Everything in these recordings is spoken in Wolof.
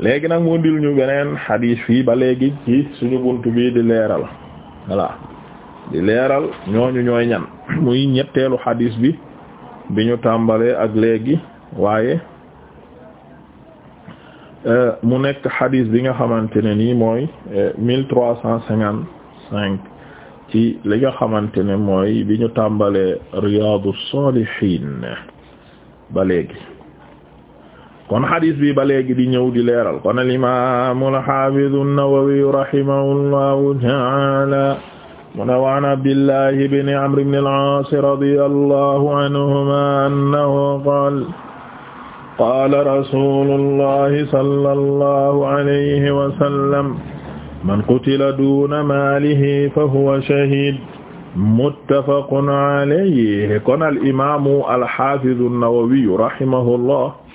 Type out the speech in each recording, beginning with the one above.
léegi nag mu dil ñu beneen xadiis fii ba léegi ci suñu bunt bii di leeral voilà di leeral ñooñu ñooy ñan muy ñetteelu xadiis bi biñu tàmbalee ak léegi waaye euh, mu nekk xadiis bi nga xamante ne nii mooy euh, mille trois cent cinquante ci li nga xamante ne mooy bi ñu tàmbalee Riyâdous-Sâlihîne ba léegi kon xadis bi ba léegi di ñëw di leeral kon al imam al hafiz an-Nawawi rahimahullahu ta'ala mu ne wa an Abdillahi ibn Amr ibn al-As radiyallahu anhuma annahu qaala qaala rasulullahi sallallahu alayhi wa sallam man qutila duuna maalihi fa huwa shahiid muttafaqun alayhi kon al imaamu al hafiz an-Nawawi rahimahullah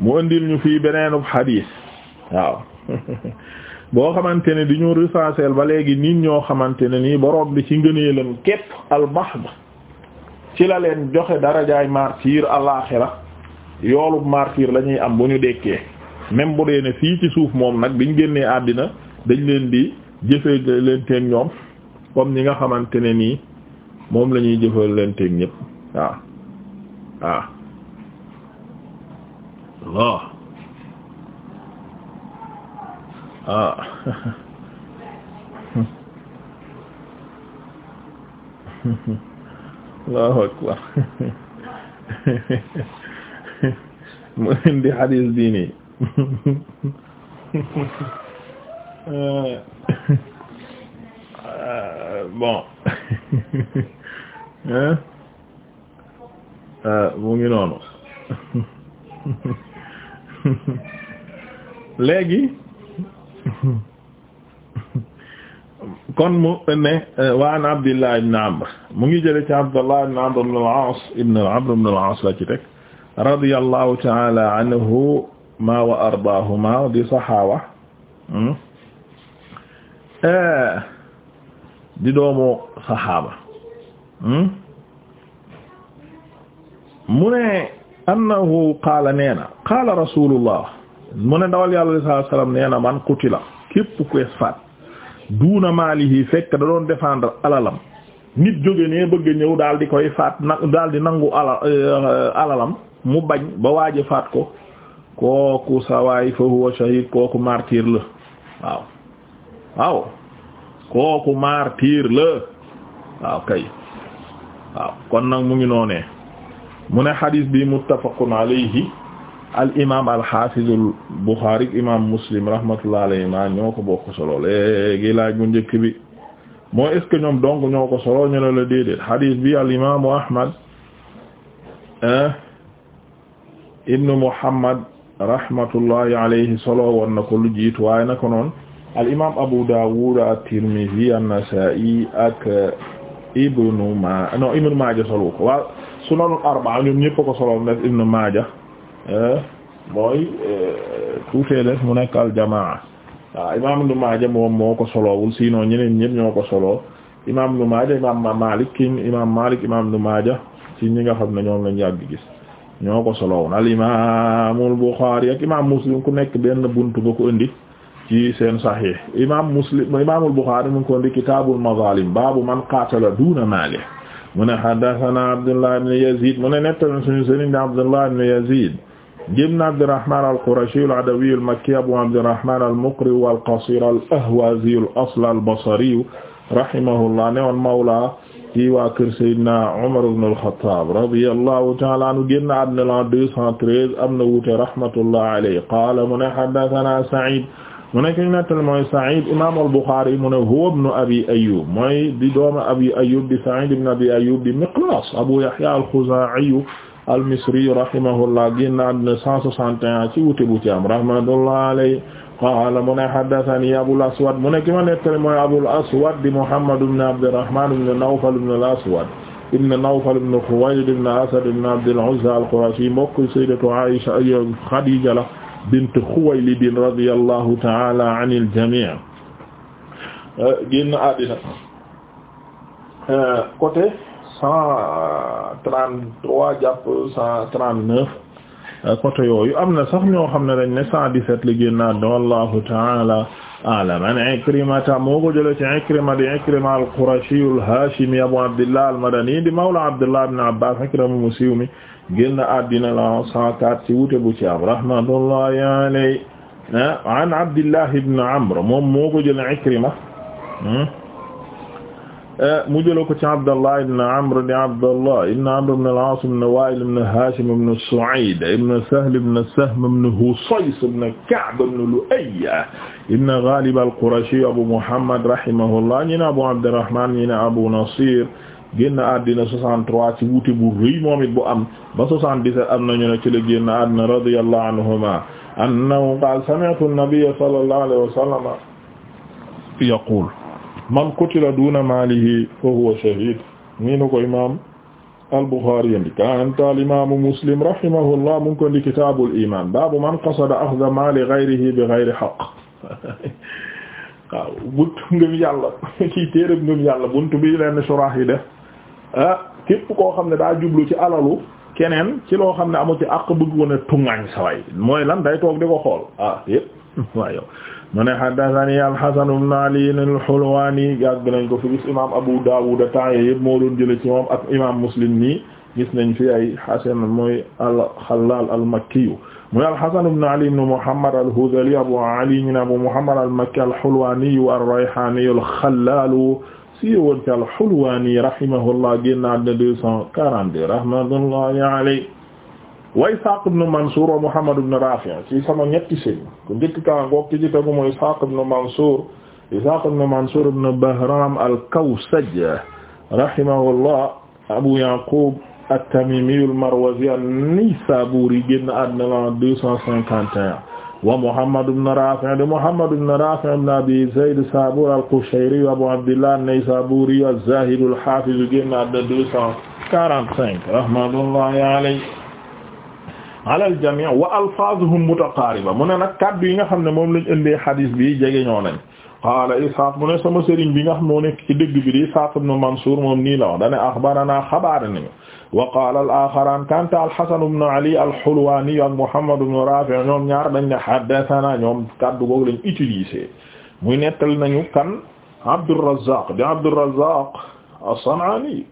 mu andil ñu fii beneenub xadiis waaw boo xamante ne di ñu recensé ba léegi nit ñoo xamante ne nii borom bi ci ngëneelam képp almahd ci la leen joxe darajaay martyr alaaxira yoolub martyr la ñuy am bu ñu dekkee même bu dee ne fii ci suuf moom nag biñ génnee àddina dañ leen di jëfee leen teen ñoom comme ñi nga xamante ne nii moom lañuy ñuy jëfal leen teen ñëpp waaw waaw Allah ah Allahu akbar mu indi xadiis bii nii bon ah, mu ngi noonu léegi kon mu ne wa an Abdullah ibn Amr mu ngi jële ci Abdullah ibn Amr ibn al-As ibn Amr ibn al-As la ci teg radiyallahu ta'ala anhuma wa ardaahuma di saxaaba hmm? eh, di doomu saxaaba hmm? mu ne annahu qaala nee qaala rasulullah mu ne dawal yàlla sallallahu alayhi wasallam nee na man qutila képp ku faat duuna maalihi fekk da doon défendre alalam nit jóge ne bëgg ñëw daal di koy faat na daal di nangu ala eh, alalam mu bañ ba waaje faat ko kooku sawaay fa huwa shahid kooku martyr la waaw waaw kooku martyr la waaw kay waaw kon nag mu ngi noonee mu ne xadis bi muttafaqun alayhi al imam al xaafizul Buxaari imam Muslim rahmatullah alayhima ñoo ko bokk solo léegi laaj bu njëkk bi mooy est ce que ñoom donc ñoo ko solo ñu ne la déedéet xadis bi al imaamu Ahmad ah, ibnu Muhammad rahmatullahi alayhi solo woon na ko lu jiitu waaye nako noon al imam Abu Dawud at-Tirmidhi an-Nasa'i ak ibnu ma no ibnu Maaja solo ko waaw sunanul arbaa ñoom ñëpp ko solo def Ibn Maaja eh, mooy eh, tuutee def mu nekk al jamaa waaw imaam Ibn Maaja moom moo ko solowul sinon ñeneen ñëpp ñoo ko solo imaam Ibn Maaja imaam Maalik ki imaam Maalik Maaja ci ñi nga xam ne ñoom lañu yàgg gis ñoo ko solowul al imaamul Buxaari ak imaam Muslim ku nekk benn buntu ba ko indi ci seen saxiix imaam Muslim imaamul Buxaari mu ngi ko indi kitaabul mazaalim baabu man qaatala duuna maalihi mu ne haddathana Abdullah ibn Yazid mu ne nettali suñu sëriñ Abdullah ibn Yazid ibn Abdirrahman al-Qurashi al-Adawi al-Makki Abu Abdirrahman al-Muqri wal-Qasir al-Ahwazi al-asl al-Basri rahimahullah ne woon mawla ci waa kër Seydina Umar ibn al-Khattab radiyallahu ta'ala anhu génn àdduna la 213 am na wuute rahmatullah alayhi qala mu ne haddathana Sa'id mu ne ki ñu nettal mooy Saïd imaam al-Bukhari mu ne huwa ibnu Abi Ayyub mooy di doomu Abi Ayyub di Saïd ibnu Abi Ayyub di Miqlas Abu Yahya al-Khuzaa'i al-Misri rahimahullah génn àddina 161 ci wuute bu ci am rahmatullahi alayhi qaala mu ne haddathanii Abul Aswad mu ne ki ma nettal mooy Abul Aswad di Muhammad ibnu Abdirrahmaan ibnu Nawfal ibnu al-Aswad ibnu Nawfal ibnu Khuwaylid ibnu Asad ibnu Abdil Uzza al-Qurashi mbokk Sayyidatu Aïsha Khadija la bint Xuwaylid radiyallahu ta'ala anil jami' génn àddina côté cent trente-trois jàpp cent trente-neuf Euh, côté yooyu am na sax ñoo xam ne dañ ne 117 la génn àdduna wallahu ta'ala a'lam an Ikrimata moo ko jëlee ci Ikrima di Ikrima al-Qurashi al-Hashimi Abu Abdillah al-Madani di mawla Abdillah ibn Abbas Ikrima mu siiw mi génn àddina la 104 ci wute bu ci am rahmatullahi alayhi an Abdillah ibn Amr moom moo ko jëlee Ikrima hmm? Eh, mu jëloo ko ci Abdallah ibn Amr di Abdallah ibn Amr ibn al-As ibn Wa'il ibn Hashim ibn Su'ayd ibn Sahl ibn Sahm ibn Husays ibn Ka'b ibn Lu'ay ibn Ghalib al-Qurashi Abu Muhammad rahimahullah ñi ne Abu Abdurrahman ñi ne Abu Nasir génn àddina 63 ci wuute bu rëy moom it bu am ba 77 am nañu ne ci la génn àddina radiyallahu anhuma annahu qala sami'tu an-nabiyya sallallahu alayhi wa sallam yaqul man qutila duna malihi fa huwa shahid nii na ko imam al-Bukhari yendi kanta al-imam Muslim rahimahullah mu ngi ko ndi kitabul iman baabu man qasada akhdha mali ghayrihi bi ghayri haqq waaw buntu ngëm yàlla kii téereb ngëm yàlla buntu bi leen surah yi def ah képp koo xam ne daa jublu ci alalu keneen ci loo xam ne amu ci àq bëgg woon a tungaañ saway mooy lan day toog di ko xool ah yëpp waaw yow mu ne haddathani al-Hasan ibn Ali al-Hulwani yàgg nañ ko fi gis imam Abu Dawud temps yii yëpp moo doon jëlee ci moom ak imam Muslim nii gis nañ fi ay Hasan mooy al-Khallal al-Makki mooy al-Hasan ibn Ali ibn Muhammad al-Hudhali Abu Ali ñu ne Abu Muhammad al-Makki al-Hulwani ar-Rayhani al-Khallal si woon ci al-Hulwani rahimahullah génn na 242 rahmatullahi alayhi wa Ishaq ibn Mansour wa Muhammad ibn Rafi' ci sama ñetti sëriñ ku njëkk ka ngoog ki ci tegu mooy Ishaq ibn Mansour Ishaq ibn Mansour ibn Bahram al-Kawsaj rahimahullah Abu Yaqub at-Tamimi al-Marwazi an-Naysaburi génn àddina la 251 wa Muhammad ibn Rafi' de Muhammad ibn Rafi' ibn Abi Zayd Sabur al-Qushayri Abu Abdillah an-Naysaburi az-Zahid al-Hafiz génn àddina 245 rahmatullahi alayhi alal jamii wa alfaazuhum mutaqaariba mu ne nag kaddu yi nga xam ne moom lañ indee hadis bi jege ñoo nañ qaala Ishaaq mu ne sama sëriñ bi nga xam moo nekk ci dëgg bi di Ishaaq ibn Mansuur moom nii la wax dane axbaranaa xabaara nañu wa qaala al-aaxaraan kaana al-Hasan ibn Ali al-Hulwaani ak Muhammad ibn Raafi' ñoom ñaar dañ ne haddasanaa ñoom kaddu googu lañ utilisé muy nettal nañu kan Abdurrazzaaq di Abdurrazzaaq as-San'aani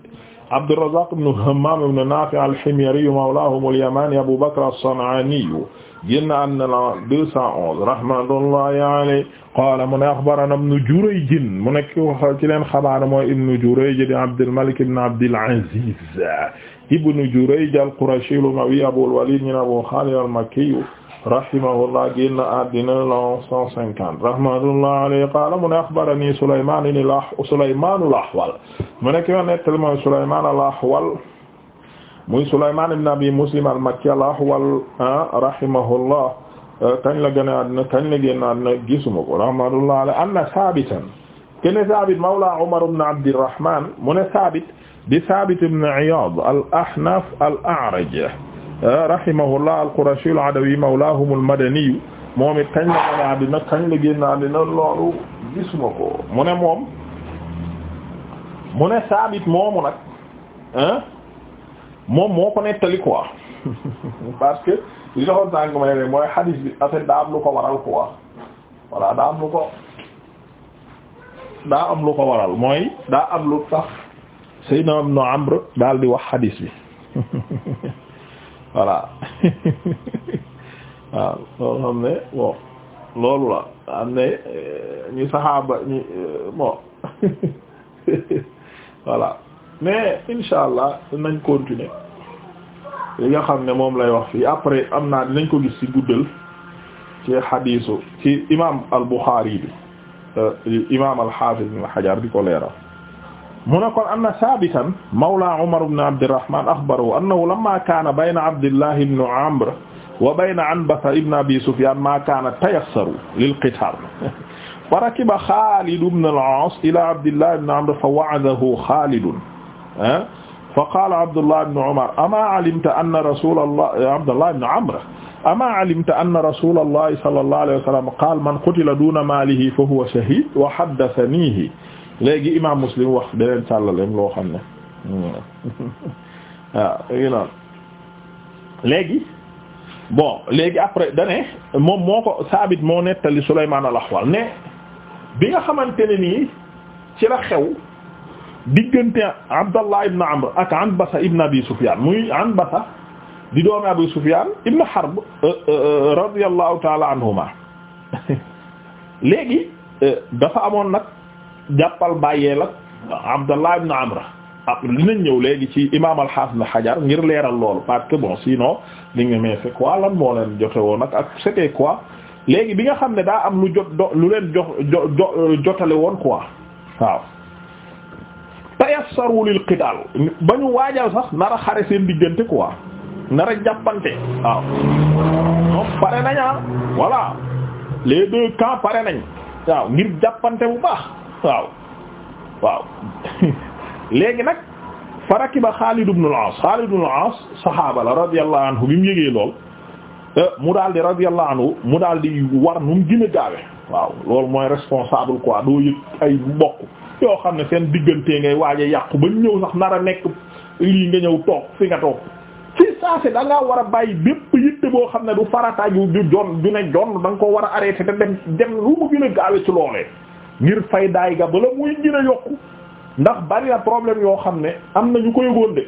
Abdourazaq ibn Hammam ibn Nafi' al-Himyari mawlahum al-Yamani Abu Bakr as-San'ani génn na la 211 rahmatullahi alayhi qaala mu ne axbarana ibn Jurayj mu nekk ci leen xabaar mooy ibn Jurayj di Abdul Malik ibn Abdul Aziz ibn Jurayj al-Qurashi al-Umawi Abul Walid ibn Abu Khalid al-Makki rahimahullah génn àddina l'an cent cinquante rahmatullah alayhi qaala mu ne axbarani Sulaymaan ni la Sulaymaan al-Ahwal mu nekk ma nettali mooy Sulaymaan al-Ahwal muy Sulaymaan ibn Abi Muslim al-Makki al-Ahwal rahimahullah kañ la gën a àddina kañ la génn àddina gisuma ko rahmatullah alayhi anna Saabitan kene Saabit mawla Umar ibn Abdirrahmaan mu ne Saabit di Saabit ibn Iyaad al-Ahnaf al-A'raj rahimahullah al-Qurashi al-Adawi mawlahum al-Madani moom it kañ la gane àddina kañ la génn ko mu ne moom mu ne Saabit moomu nag ah moom moo ko nettali quoi parce que mooy hadith bi en daa am lu ko waral quoi voilà daa am lu ko daa am lu waral mooy daa am lu tax Sayyidna Ibn Amr daal di wax hadith bi. voilà waaw loolu xam ne bon loolu la am ne eh, ñu saxaaba ñu eh, bon voilà mais insha allah nañ continuer li nga xam ne moom lay wax fii après am naa dinañ ko gis si guddal ci xadiisu ci imaam al Buxaari bi eh, imaam al Xaafiz ibn Hajar di ko leeral mu ne kon anna Saabitan mawla Umar ibn Abdirrahman axbarahu annahu lamma kaana bayna Abdillah ibn Amr wa bayna Anbasa ibn Abi Sufyan ma kaana tayassaru lil qitaal fa rakiba Xaalid ibn al-Aas ila Abdillah ibn Amr fa wa'adahu Xaalid eh? fa qaala Abdullah ibn Umar amaa alimta anna rasulallah Abdullah ibn Amr amaa alimta anna rasulallah sallallahu alayhi wa sallam qaala man qutila duuna maalihi fa huwa shahiid wa haddathaniihi léegi imaam muslim wax beneen sàllaleem loo xam ne waaw hmm. ah, légi bon léegi après dane moom moo ko saabit moo nettali Sulaymaan al-Ahwal ne bi nga xamante ne ni ci la xew diggante Abdallah ibn Amr ak Anbasa ibn Abi Sufyaan muy di doomi Abi Sufyaan ibn Harb euh, euh, radiyallahu taala anhuma léegi euh, dafa amoon nag jàppal bàyyeel ak Abdallah ibn Amr ah, dinañ ñëw léegi ci imaam al-Hafiz Hajar ngir leeral loolu par que bon sinon li nga mais c'est lan moo leen jote woon nag ak c'était quoi léegi bi nga xam ne daa am lu jot lu leen jox jotale woon quoi waaw tayassaru lil qital ba ñu waajal sax nara a xare seen diggante quoi nar a jàppante waaw moom pare nañaa ah. voilà les deux camps pare nañ waaw ngir jàppante bu baax waaw waaw léegi nag fa ba Xaalid ibn al-Aas Xaalid ibn al-Aas saxaaba la radiyallahu anhu bi mu yëgee lool eh, mu daal di radiyallahu anhu mu daal di war nu mu gën gaawe waaw loolu mooy responsable ko doo yëg ay mbokk yoo xam ne seen diggantee ngay waaj yàqu ba ñëw sax nar a nekk lii nga ñëw toog fi nga toog fi saa si war a bàyyi bépp yitte boo xam ne du farataay du jon du ne jon da nga ko war a arrêté te dem dem lu mu gën gaawe ci loolee ngir fay daay ga bala muy gën a yokku ndax bari na problème yoo xam ne am na ñu ko yëgoon de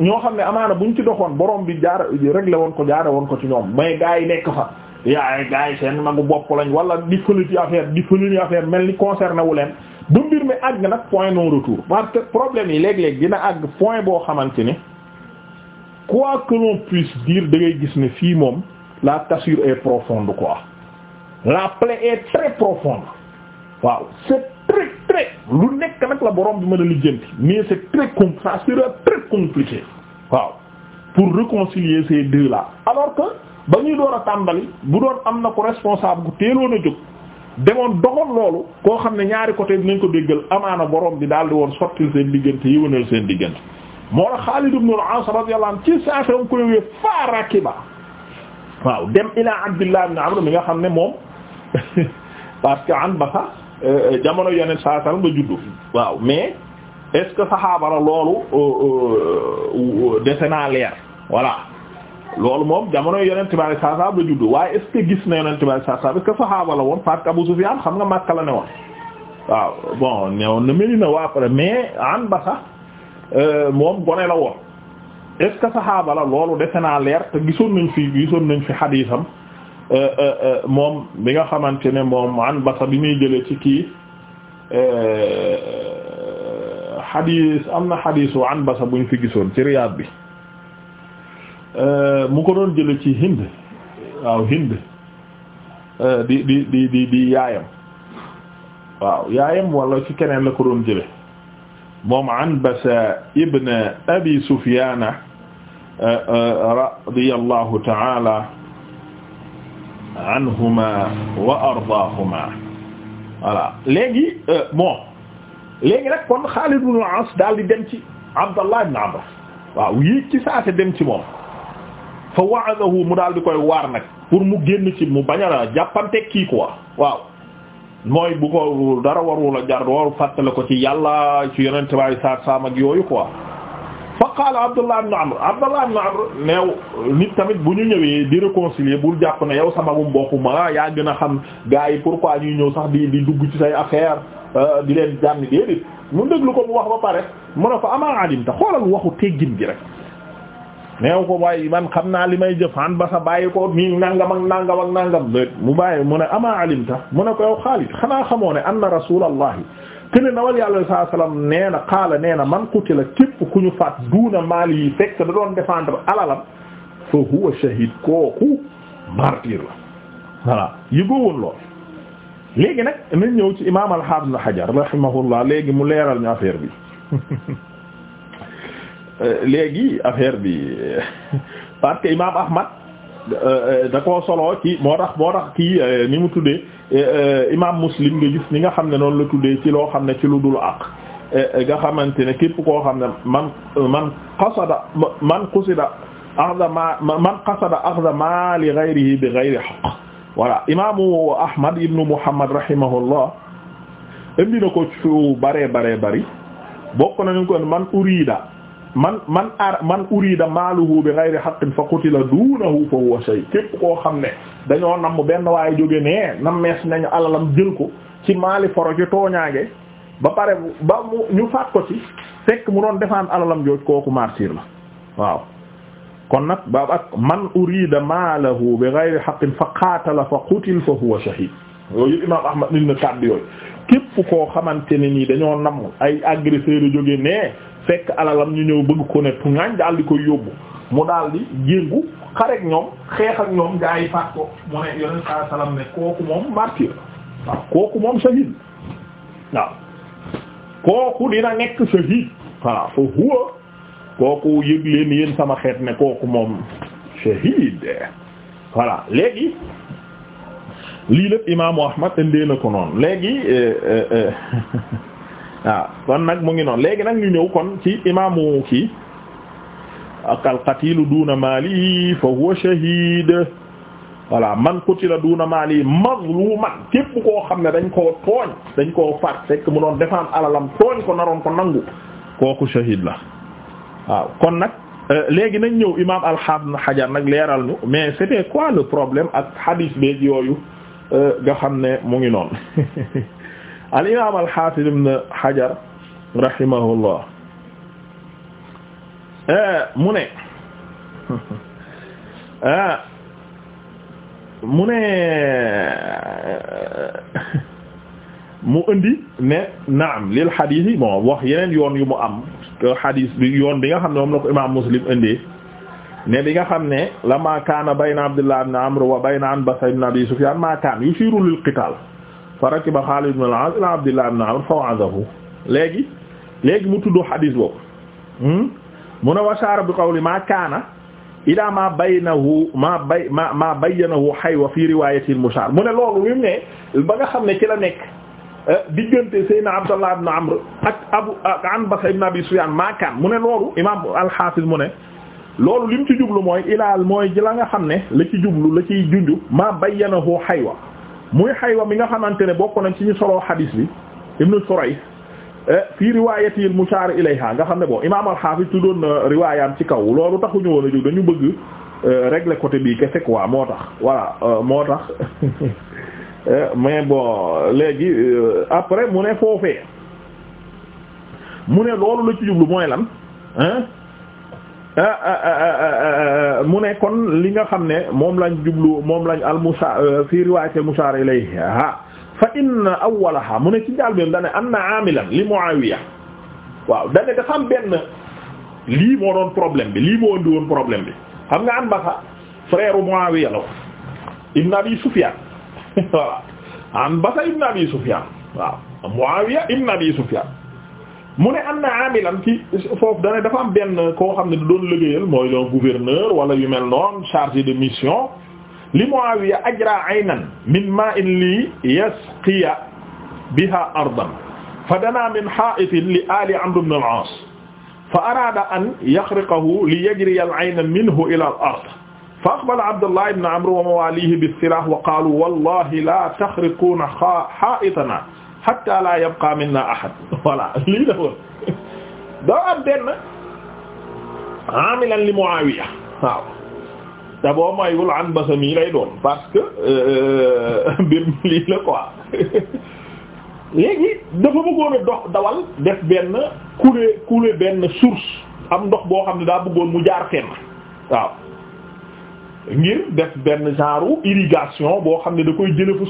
ñoo xam ne amaana bu ñu ci doxoon borom bi jaar réglé woon ko jaare woon ko ci ñoom mais gaa yi nekk fa yaay gaa yi seen magu bopp lañ wala di fëliti affaire di fëliti affaire mel ni concerné wu leen ba mbir mi àgg nag point non retour parce que problème yi léeg-léeg dina àgg point boo xamante ne quoi que l'on puisse dire da gis ne fii moom la cassure est profonde quoi la plaie waaw c'est très très lu nekk nag la borom bi man a lijjanti mais c'est très com ça sera très compliqué waaw pour réconcilier ces deux là alors que ba ñuy door a tàmbali bu doon am na ko responsable bu teeloon a jóg demoon doxoon loolu koo xam ne ñaari côté dinañ ko déggal amaana borom bi daal di woon sottil seen diggante yëwanal seen diggante moo la Xaalid ibn al-As radiyallahu anhu ci saasa mu koy wee faarakiba waaw dem ila Abdullah ibn mi nga xam ne moom parce que Euh, jamono yeneen saa sal nga juddu waaw mais est-ce que saxaaba la loolu euh, euh, dese naa leer voilà loolu moom jamono yeneen tubaab yi saa saa la juddu waaye est gis na yeneen tubaab yi saa saa est-ce que saxaaba la woon parce que Abu Sufyaan xam nga Makka la ne woon waaw bon ne woon na Medina waa pare mais an ba sax moom gone la woon est-ce que la loolu dese naa leer te gisoon nañ fi gisoon nañ fi xadiisam Euh, euh, euh, moom mi nga xamante ne moom an basa bi muy jëlee ci kii xadiis am na xadiisu an basa buñ fi gisoon ci Riyaad bi mu ko doon jële ci Hind waaw Hind di di di di yaayam waaw yaayam wala ci keneen la ko doon jële moom Anbasa ibn Abi Sufyaan radiyallahu ta'ala anhuma wa ardaahuma voilà léegi euh, bon léegi nag kon Xaalid ibn al-As daal di dem ci Abdallah ibn Amr waaw yéeg ci saase dem ci moom fa wa'adahu mu daal di koy waar nag pour mu génn ci mu bañ a jàppante kii quoi waaw mooy bu ko dara warul a jar waru fàttale ko ci yàlla ci yonent bi sallallahu alayhi wa sallam ak yooyu quoi fa qaala Abdullah ibn Amr Abdullah ibn Amr neew nit tamit bu ñu ñëwee di réconcilier bul jàpp na yow sama mbokk ma yaa gën a xam gars yi pourquoi ñuy ñëw sax di di dugg ci say affaire euh, di leen jànni déedéet mu déglu ko mu wax ba pare mu ne ko amaa adimta xoolal waxu teggin gi rek neew ko waaye man xam naa li may jëfaan ba sa bàyyi ko nii nangam ak nangam mu bàyyi mu ne amaa alimta mu ne ko yow Xaalid xanaa xamoo ne anna rasulallahi kene nawal yàlla saa salaam nee na xaala nee na man qutila képp ku ñu faat duuna maali yi fekk da doon défendre alalam fa huwa shahid kooku martyr la voilà yëgoo woon lool. léegi nag nañ ñëw ci imaam al-Hafiz Hajar rahimahullah léegi mu leeral ñu affaire bi euh, léegi affaire bi parce que imaam Ahmad euh, euh, da koo soloo ci moo tax moo kii ni mu tuddee. Eh, eh, imaam muslim nga gis ni nga xam ne noonu la tuddee ci loo xam ne ci lu dul àq eh, nga xamante ne képp koo xam ne man man qasada man qasida axda ma man qasada axda ma li ghayrihi bi ghayri haqq voilà imaamu ahmad ibnu muhammad rahimahullah indi na ko ci bare bare bari bokk na ñu ko man urida man man ar man urida maaluhu bi ghayri haqqin fa qutila duunahu fa huwa shay képp koo xam ne dañoo namm benn waaye jóge nee nammees nañu alalam jël ko ci maali foro ci ba pare mu ñu faat mu doon defaan alalam jooj kooku martyr la nag ba man urida maalahu bi ghayri haqqin fa qaatala fa qutil fa huwa shahid yooyu imam koo xamante ne nii dañoo namm ay agresseur jóge fekk alalam ñu ñëw bëgg ko ne tuŋaañ daal koy yóbbu mu daal di jéngu ñoom xeex ak ñoom gaa yi mu ne yoneen saa salaam ne kooku moom martyr waaw kooku moom shahid waaw kooku dina nekk shahid voilà fa huwa kooku yëg leen yéen sama xeet ne kooku moom shahid voilà léegi lii lépp imaamu Ahmad indee na ko noonu léegi euh, euh, euh, waaw kon nag mu ngi noon léegi nag ñu ñëw kon ci imaamu ki ak al qatilu duuna maali fa huwa shahid voilà man a duuna maali mazluman képp koo xam ne dañ ko tooñ dañ koo faat fekk mu doon defaan alalam tooñ ko naroon ko nangu kooku shahid la waaw kon nag euh, léegi nañ ñëw imaam al-Hafiz Hajar nag leeral ñu mais c'était quoi le problème ak hadith beeg yooyu euh, nga xam ne mu ngi noonu al imaam al xaafid ibn Hajar rahimahullah eh, mu ne eh, mu ne eh, mu indi ne naam lil xadiis yi bon wax yeneen yoon yu mu am xadiis bi yoon bi nga xam ne moom la ko imaam Muslim indi ne bi nga xam ne la ma kaana bayna Abdullah ibn Amr wa bayna Anbasa ibn Abi Sufyaan ma kaan yushiru lil qitaal fa rakiba Xaalid ibn al-As ila Abdullah ibn Amr fa wa'adahu léegi léegi mu tudd xadiis boobu hmm? mu ne washaara bi qawli ma kaana ila ma baynahu ma bay ma ma bayyanahu xaywa fi riwayatil mushaar mu ne loolu li mu ne ba nga xam ne ci la nekk eh, diggante Seydina Abdullah ibn Amr ak Abu ak Anbasa ibn Abi Sufyaan ma kaan mu ne loolu imaam al-Haafiz mu ne loolu li mu ci jublu mooy ilaal mooy ji la nga xam ne la ci jublu la ciy junju ma bayyanahu xaywa muy xaywa mi nga xamante ne bokk nañ ci ñu soloo xadis bi ibnu Shurayh eh, fii riwaayati saar mushaar ilayha nga xam ne bon imaam al-Hafiz tuddoon na riwaayaam ci kaw loolu taxuñu woon a jóg dañu bëgg eh, régler côté bii kese waa moo tax voilà euh, moo tax eh, mais boo léegi euh, après mu ne foofee mu ne loolu la ci jublu mooy lan hein Euh, euh, euh, mu ne kon li nga xam ne moom lañ jublu moom lañ al musa fi riwaayati musaar ilayha fa inna awwalaha mu ne ci njaal bi dane anna aamilan li Muawiya waaw dane dafa am benn lii moo doon problème bi lii moo indi woon problème bi xam nga an basa frère Muawiya la ibn Abi Sufyan voilà an basa ibn Abi Sufyan waaw Muawiya ibn Abi Sufyan mu ne am na amilan ci foofu dane dafa am benn koo xam ne du doon liggéeyal mooy doon gouverneur wala yu mel noonu chargé de mission li Muawiya ajra aynan min ma'in li yasqiya biha ardan fa dana min ha'itin li ali amr ibn al-aas fa arada an yaxriqahu li yajriya al-ayna minhu ila al-ard fa aqbala abdullah ibn amr wa mawalihi bis-silah wa qalu wallahi la taxriquna ha'itanaa hatta la yabqa minna ahad voilà lii la woon doo am benn amilan li Muawiya waaw te boo maywul an basami lay doon parce que euh, mbir mi lii la quoi léegi dafa bëggoon dox dawal def benn coulé coulé benn source am ndox boo xam ne daa bëggoon mu jaar fenn waaw ngir def benn genre irrigation boo xam ne da koy jële fu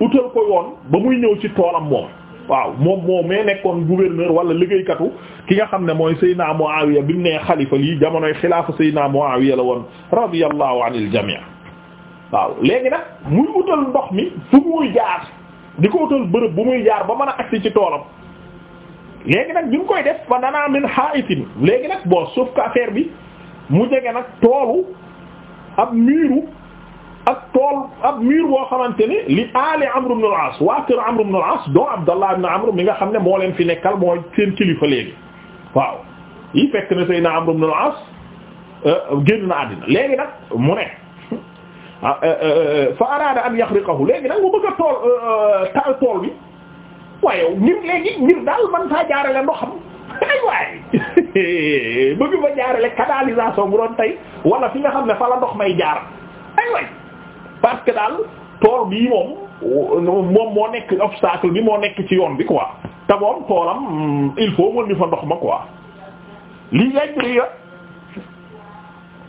utal ko yoon ba muy ñëw ci toolam moom waaw moom moom mee nekkoon gouverneur wala liggéeykatu ki nga xam ne mooy Seydina Muawiya bi mu nee xalifa lii jamonoy xilaafa Seydina Muawiya la woon radiyallahu anil jamii waaw léegi nag muy utal ndox mi fu muy jaar di ko utal bërëb bu muy jaar ba mën a agsi ci toolam léegi nag bi mu koy def fa danaa min ha'itin léegi nag bon sauf que affaire bi mu jege nag toolu ab miiru ak tool ab xamante ni li aali Amr ibn al-As waa kër Amr ibn al-As doo Abdallah ibn Amr mi nga xam ne moo leen fi nekkal mooy seen kilifa léegi waaw yi fekk na Seydina Amr ibn al-As euh, génn na ah, euh, euh, fa araada an yaxriqahu léegi nag mu bëgg a tool taal bi waaye ngir léegi ngir man fa jaarale canalisation bu wala fi nga xam ne fa la ndox may jaar ay waay parce que daal tool bii moom moom moo nekk obstacle bi moo nekk ci yoon bi quoi te moom toolam mm, il faut mën ni fa ndox ma quoi li yajriya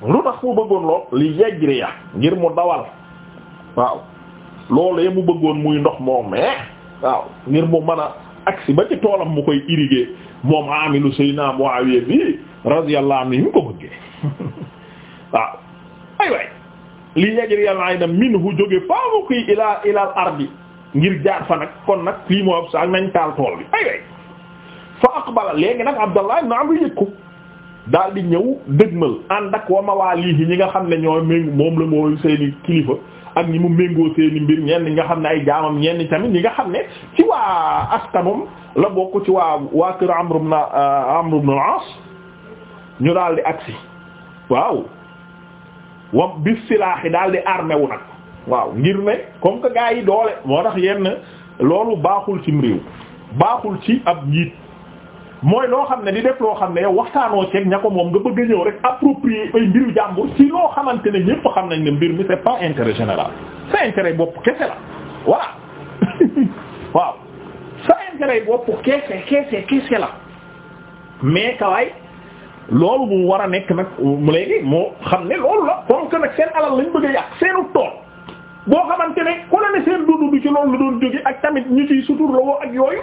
lu tax mu bëggoon lool li yajriya ngir mu dawal waaw loolee mu bëggoon muy ndox moom mais eh? waaw ngir mu mën a agsi ba ci toolam mu koy irriguer moom aamilu Seydina Muawiya bi radiyallahu anhu ni mu ko bëggee waaw li yajriyal ayna minhu jóge faa mu kii ilaa ilal ardi ngir jaar fa nag kon nag fii moo ab saak nañ taal tool bi ay way fa aqbala léegi nag Abdallah ibn Amr yëg ko di ñëw dëgmal ànd ak wa mawaalihi ñi nga xam ne ñooy méng moom la mooy seeni kilifa ak ñi mu méngoo seeni mbir ñenn ñi nga xam ne ay jaamam ñenn tamit ñi nga xam ne ci waa askanum la bokk ci waa waa kër Amr ibn Amr ibn al-As ñu daal di agsi waaw wa bis yi daal di armé wu nag waaw ngir ne comme que gars yi doole moo tax yenn loolu baaxul cim réew baaxul ci ab njiit mooy loo xam ne di def loo xam ne yow waxtaanoo ceeg ña ko moom nga bëgg a ñëw rek approprier ay mbiru jàmbur ci loo xamante ne ñëpp xam nañ ne mbir mi c'est pas intérêt général c'est intérêt bopp kese la voilà waaw sa intérêt bopp kese kese kese la mais kawaay loolu mu war a nekk nag mu léegi moo xam ne loolu la comme que nag seen alal lañ bëgg a yàq seenu tool boo xamante ne ku la ne seen dundu du ci loolu la doon jóge ak tamit ñu ciy sutur la woo ak yooyu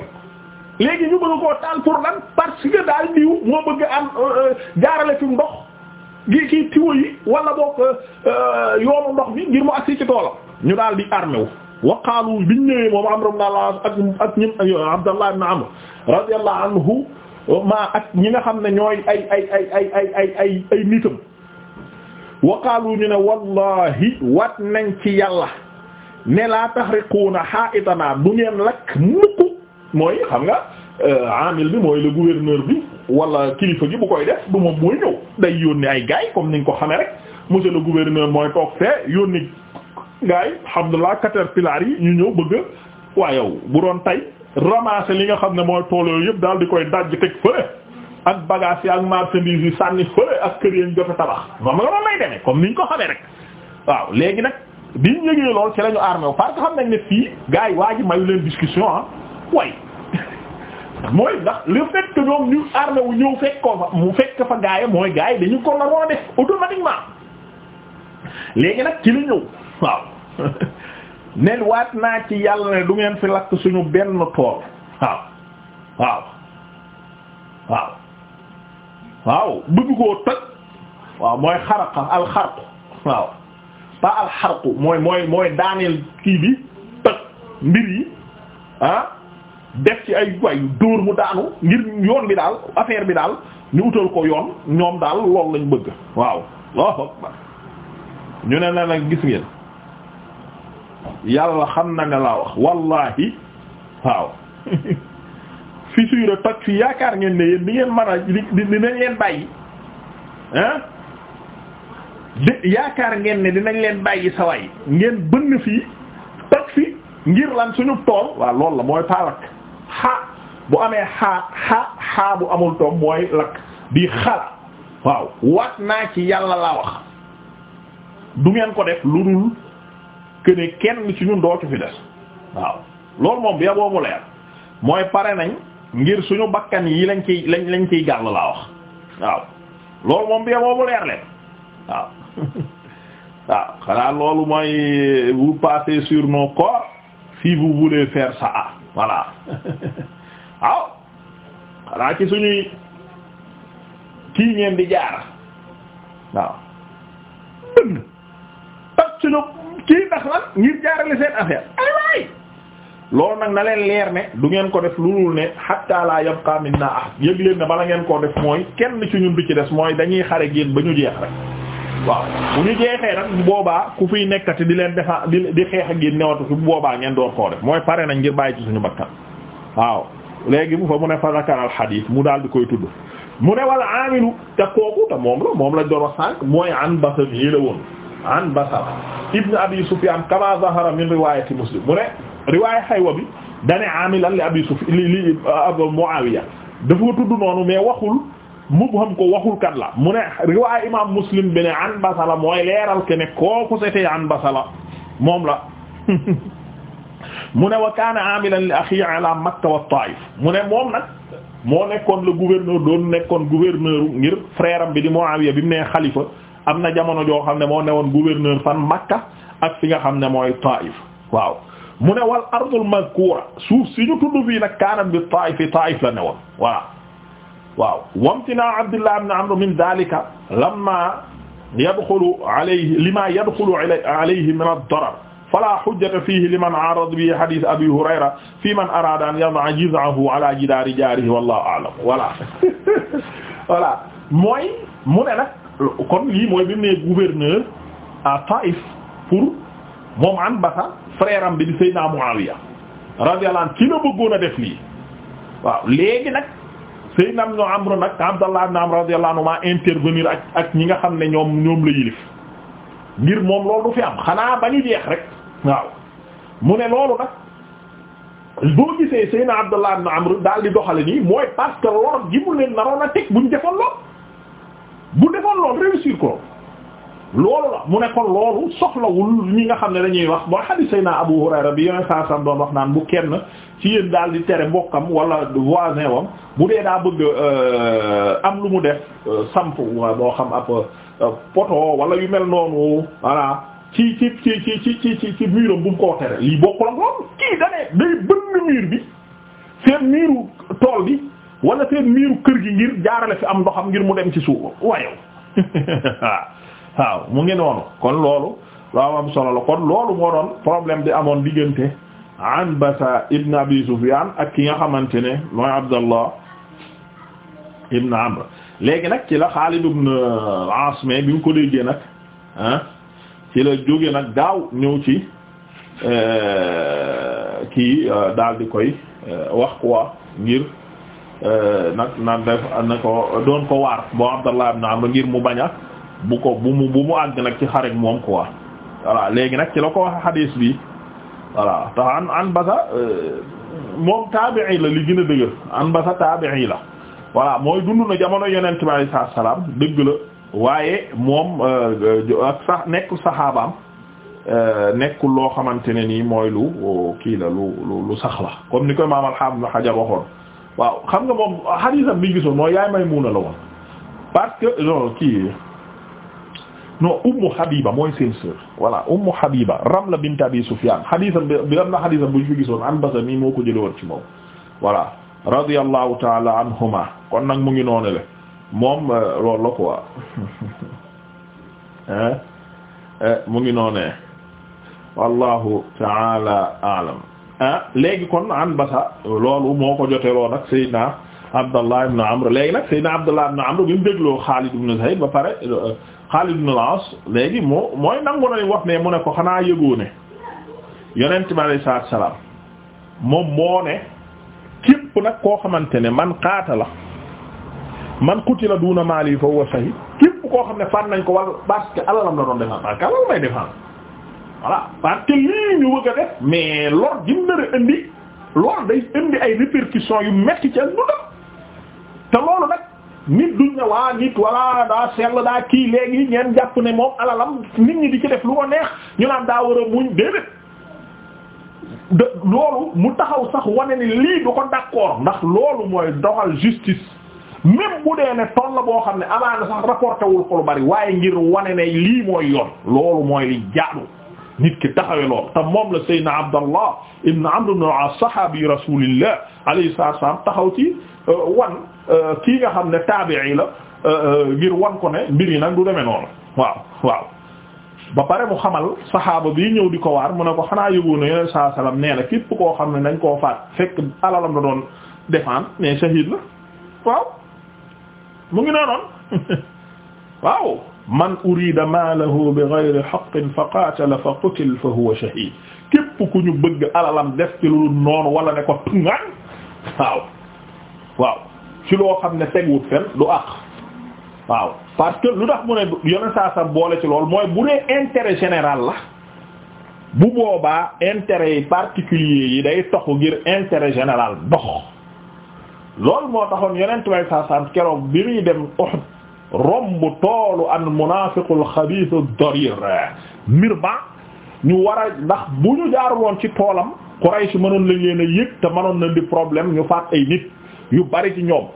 léegi ñu bëgg koo taal pour lan parce que daal diw moo bëgg am euh, euh, jaarale fi ndox gi ki tiwo yi wala boog euh, yoonu ndox bi ngir mu agsi ci toolam ñu daal di armé wu waqaalu biñ ñëwee moom amrom na la ak ak ñim Abdallah ibn Amr radiyallahu anhu maa ak ñi nga xam ne ñooy ay ay ay ay ay ay ay ay nitam waqaalu ñu ne wallahi wat nañ ci yàlla ne laa tahriquuna ha'itanaa du ngeen lakk mukk mooy xam nga euh, amil bi mooy la gouverneur bi wala kilifa gi bu koy def du moom mooy ñëw day yónni ay gaay comme ni niñ ko xame rek monsieur le gouverneur mooy toog fee yónni gaay alhamdulillah caterpillar yi ñu ñëw bëgg waa yow bu doon tay ramasser li nga xam ne mooy tool yooyu yëpp daal di koy daj teg fële ak bagage yi ak marchandise yi sànni fële ak kër yeen jot a tabax moom la lay demee comme niñ ko xamee rek waaw léegi nag biñ yëgee lool ci la ñu armé wu parce que xam nañ ne fii gars yi waa ji mayu leen discussion ah way mooy ndax le fait que ñu armé wu ñëw fekk ko mu fekk fa gaay mooy gaay yi dañu ko la moo def automatiquement léegi nag ci li ñëw waaw ne naa ci yàlla ne du ngeen fi lakk suñu benn tool waaw waaw waaw waaw bëgg koo toj waaw mooy xaraqa alxarqu waaw pas alxarqu mooy mooy mooy daaneel kii bi toj mbir yi ah def ci ay way dóor mu daanu ngir yoon bi daal affaire bi daal ñu utal ko yoon ñoom daal loolu lañ bëgg waaw ñu ne na nag gis ngeen yàlla xam na nga laa wax wallahi waaw fissure toj fi yaakaar ngeen ne yéen di ngeen mën a li dinañ leen bàyyi ah di yaakaar ngeen ne dinañ leen bàyyi saway ngeen bënn fii toj fi ngir lan suñu tool waaw loolu la mooy paalak xaa bu amee xaa xaa bu amul toom mooy lakk di xala waaw waat naa ci yàlla laa wax du ngeen ko def lu dul que ne kenn ci ñun fi des waaw loolu moom bi boobu leer mooy pare nañ ngir suñu bakkan yi lañ ciy lañ lañ ciy gàll laa wax waaw loolu moom bi boobu leer leen waaw waaw xanaa loolu mooy vous passez sur nos corps si vous voulez faire ça voilà waaw xanaa ci suñuy kii ngeen di jaar waaw. suñu kii ndax lan ngir jaarale seen affaire ay waay loolu nag na leen leer ne du ngeen ko def lu dul ne hatta la yabqa minna ahad yëg leen ne bala ngeen koo def mooy kenn ci ñun du ci des mooy dañuy xare génn ba ñu jeex rek waaw bu ñu jeexee nag boobaa ku fiy nekkati di leen defaa di di xeex ak génn newatu fi boobaa ngeen door koo def mooy pare nañ ngir bàyyi ci suñu bakkan waaw léegi bu fa mu ne fa zakar al mu daal di koy tudd mu ne wala amilu te kooku moom la moom lañ doon la woon an Basara ibn Abi Sufyan kama zahara min riwayati Muslim mu ne riwaaya Haywa bi dane amilan li Abi Sufyan li li Muawiya dafa tudd noonu mais waxul mubham ko waxul kat la mu ne riwaaya imam Muslim bi ne an Basara mooy leeral ke ne kooku c'était an Basara moom la mu ne wa kaana amilan li axi ala Makka wa Taif mu ne moom nag moo nekkoon le gouverneur doon nekkoon gouverneur ngir frère am bi di Muawiya bi mu ne xalifa am na jamono joo xam ne moo newoon gouverneur fan Makka ak fi nga xam ne mooy Taif waaw mu ne wal ardul mazkura suuf si ñu tudd fii nag kaanat bi Taif Taif la newoon voilà waaw wamtinaa Abdullah ibn Amr min dhalika lamma yadxulu alayhi lima yadxulu alayhi min ad-darar fala hujjata fihi liman arada bi hadith abi hurayra fi man arada an yada'a jiz'ahu ala jidaari jaarihi wallahu a'lam voilà voilà mooy mu ne nag kon lii mooy bi mu nee gouverneur à Taïf pour moom Anbasa frère am bi di Seydina Muawiya radiyallahu anhu ki la bëggoon a def lii waaw léegi nag Seydina am ñoo Amr nag Abdallah ibn Amr radiyallahu anhu ma intervenir ak ak ñi nga xam ne ñoom ñoom la yilif ngir moom loolu du fi am xanaa bañu jeex rek waaw mu ne loolu nag boo gisee Seydina Abdallah ibn Amr daal di doxale nii mooy parce que lor gi mu naroon a teg buñ defoon lool bu defoon loolu réussir ko loolu la mu ne kon loolu soxlawul ñi nga xam ne dañuy wax ba hadith sayna Abu Hurayra bi yoneen saa sam doon wax naan bu kenn ci yéen daal di tere mbokkam wala voisin wam bu dee daa bëgg euh, am lu mu def euh, samp boo xam ab euh, poto wala yu mel noonu voilà ci ci ci ci ci ci ci ci bu mu koo tere lii bokkul ak loolu kii dane day bënn mur bi seen miiru tool bi wala seen miiru kër gi ngir jaarale fi am ndoxam ngir mu dem ci suuf waaye waaw mu ngi noonu kon loolu waaw am solo la kon loolu moo doon problème bi amoon diggante Anbasa ibn Abi Sufyan ak ki nga xamante ne mooy Abdallah ibn Amr léegi nag ci la Xaalid ibn al bi mu ko déggee nag ah ci la jóge nag gaaw ñëw ci euh, kii euh, daal di koy euh, wax quoi ngir. Euh, nag na na ko doon ko waar boo Abdallah ibn Amr ngir mu baña bu ko bu mu bu mu àgg nag ci xarek moom quoi voilà léegi nag ci la ko waxe xadiis bi voilà tax an an basa euh, moom taabi'i la li gën a dëgër an taabi'i la voilà mooy dund na jamono yonent bi alayhi salaam dëgg la waaye moom euh, ak sax nekku saxaabaam nekkul loo xamante ne nii mooy lu kii la lu lu sax la kom ni koy maamal xam na xajar waxoon waaw xam nga moom xadiisam bi gisoon mooy yaay Maymuna la woon parce que non kii non Ummu Habiba mooy seen sœur voilà Ummu Habiba Ramla bint Abi Sufyan xadiisam bi am na xadiisam bu ñu fi gisoon an basa mii moo ko jële woon ci moom voilà radiyallahu taala anhuma kon nag mu ngi noonu le moom euh, loolu la quoi euh, mu ngi noonee wallahu taala alam ah léegi kon an basa loolu moo ko joteeloon ak Seydina Abdallah ibn Amr léegi nag Seydina Abdallah ibn Amr bi mu dégloo Xaalid ibn Zayd ba pare Xaalid euh, ibn al-As léegi moo mooy nangu na wax ne mu ne ko xanaa yëgoo ne yonent bi alayhi salaatu salaam moom moo ne képp nag koo xamante ne man la man la duuna maali fa huwa shahid képp koo xam ne fan nañ ko wala parce que alalam la doon défendre parce que alal may défendre. voilà parce que lii ñu bëgg def mais lor jim nar a indi loolu day indi ay répercussions yu metti ci ak dundam te loolu nag nit duñ ne waa nit walla daa sell daa kii léegi ngeen jàpp ne moom alalam nit ñi di ci def lu ko neex ñu naan daa war a muñ déedéet loolu mu taxaw sax wane ni lii du ko d'accord ndax loolu mooy doxal justice même bu dee ne toll la boo xam ne amaana sax rapporté wul bari waaye ngir wane ne lii mooy yoon loolu mooy li jaadu nit ki taxawe lool te moom la Seydina Abdallah ibn Amr ibn al-As sahabi rasulillah alayhi salaatu wa salaam taxaw ci euh, wan euh, kii nga xam ne taabi'i la euh, ngir wan ko ne mbir yi nag du demee noonu waaw waaw ba pare mu xamal saxaaba bii ñëw di ko waar mu ne ko xanaa yëgoon na yeneen saa salaam nee na képp koo xam ne nañ koo faat fekk alalam da doon défendre mais shahid la waaw mu ngi noonu waaw man urida maalahu bi ghayri haqqin fa qaatala fa qutil fa huwa shahid képp ku ñu bëgg alalam def ki lu noonu wala ne ko tungaan waaw waaw ci loo xam ne tegwut fen du àq waaw parce lu tax mu ne yone saa sa boole ci lool mooy bu dee intérêt général la bu boobaa intere yi particulier yi day toxu ngir intérêt général dox loolu moo taxoon yonent way saa sa keroog bi muy dem Uhud romb toolu an munaafiqul xabiisu darir mirba ñu war ndax bu ñu jaar woon ci toolam Quraysh mënoon lañ leen a yëg te mënoon na di problème ñu faat ay nit yu bari ci ñoom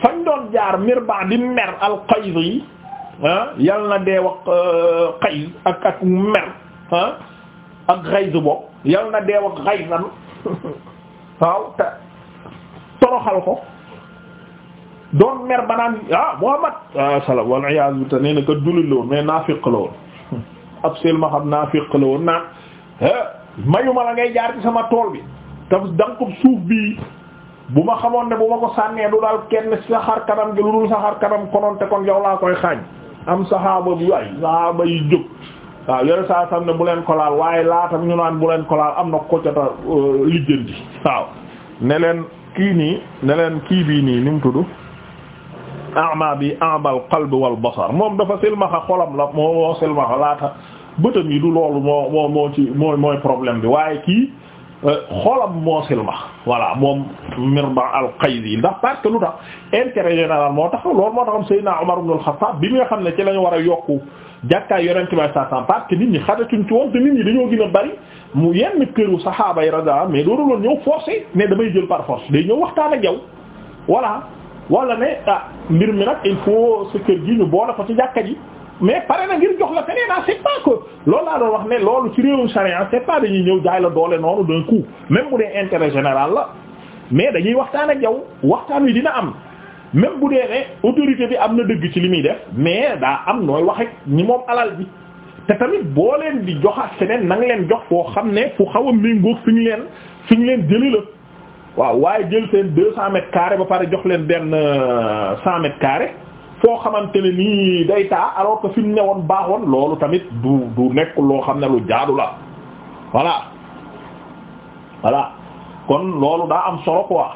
fañ doon jaar mirba di mer al qayd yi ah, yal na dee wax euh, qayd ak ak mer ah, ak xayz bopp yal na dee wax xayzan waaw toroxal ko doon mer banaan ah Muhammad ah, salam wal iyaazu bi ta nee na kat jullit la woon mais naafiq la woon absolument xam naafiq la woon naa eh, mayuma la ngay jaar ci sama tool bi te dankob suuf bii bu ma xamoon ne bu ma ko sànnee du daal kenn sa xar kanam gi lu dul sa xar kanam kononte kon yow laa koy xaañ am saxaaba bi waay saxaaba yi jóg waaw yore saa sam bu leen ko laal waaye laatam ñu naan bu leen ko laal am na kocata euh, lijjanti waaw ne leen kii kii bii ni mu tudd ama bi amal qalb wal basar moom dafa silmaxa xolam la moo moo silmaxa laata bëtam yi du loolu moo moo moo ci mooy mooy problème bi waaye kii euh, xolam moo silmaxa voilà moom mirba al qaydi ndax parce que lu tax intérêt général moo tax loolu moo taxam Seydina Umar ibn al-Khattab bi nga xam ne ci lañu war a yokku jàkkaay yonent bay saasan parce que nit ñi xatatuñ ci woon te nit ñi dañoo gën a bari mu yenn këru saxaaba yi radiyallahu mais dooru loon ñëw forcé ne damay jël par force day ñëw waxtaan ak yow voilà wala ne ah mbir mi nag il faut sa kër gi ñu boole ko ci jàkka ji mais pare na ngir jox la feneen ah c'est pas que loolu laa doon wax ne loolu ci réewum charia c'est pas dañuy ñëw jaay la doole noonu d'un coup même bu dee intérêt général la mais dañuy waxtaan ak yow waxtaan wi dina am même bu dee ne autorité bi am na dëgg ci li muy def mais daa am nooy wax ak ñi moom alal bi te tamit boo leen di joxaat feneen na nga leen jox koo xam ne fu xaw a méngóog fi ñu leen fi ñu leen jëli la. waaw waaye jël seen deux cent mètres carrés ba pare jox leen benn euh, cent mètres carrés foo xamante ne nii day taa alors que fi mu newoon baaxoon loolu tamit du du nekk loo xam ne lu jaadu la voilà voilà kon loolu daa am solo quoi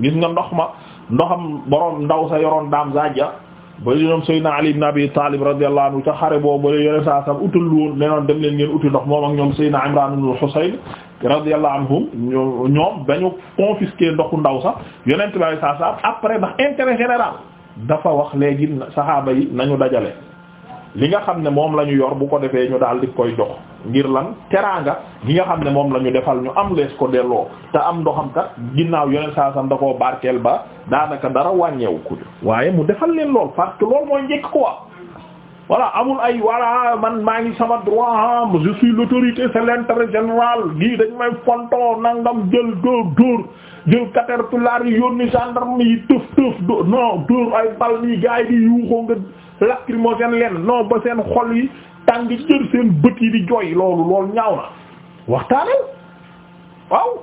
gis nga ndox ma ndoxam borom ndaw sa yoroon daam zaaja ba ñoom Seydina Ali ibn Abi Talib radiyallahu anhu ca xare boobu ba yore sa sam utal woon ne noon dem leen ngeen uti ndox moom ak ñoom Seydina Imran ibn Husayn radiyallahu anhum ñoom dañu confisquer ndoxu ndaw sax yonent bi saa saa après ndax intérêt général dafa wax léegi saxaaba yi nañu dajale li nga xam ne moom la ñu yor bu ko defee ñu daal di koy jox ngir lan teraanga gi nga xam ne moom la ñu defal ñu am lees ko delloo te am ndoxam kat ginnaaw yeneen saa sam da koo barkeel ba daanaka dara wàññeewu ku waaye mu defal leen lool parce que loolu mooy njëkk quoi voilà amul ay voilà man maa ngi sama droit ah, je suis l'autorité c'est l'intérêt général gii dañ may fonto nangam jël dóor dóor jël caterpillar yi yónni gendarme yi tëf tëf dóor non dóor ay bal nii gaay di yuuxoo nga lacrymogène leen non ba seen xol yi tàng jër seen bët yi di jooy loolu loolu ñaaw na waxtaanal waaw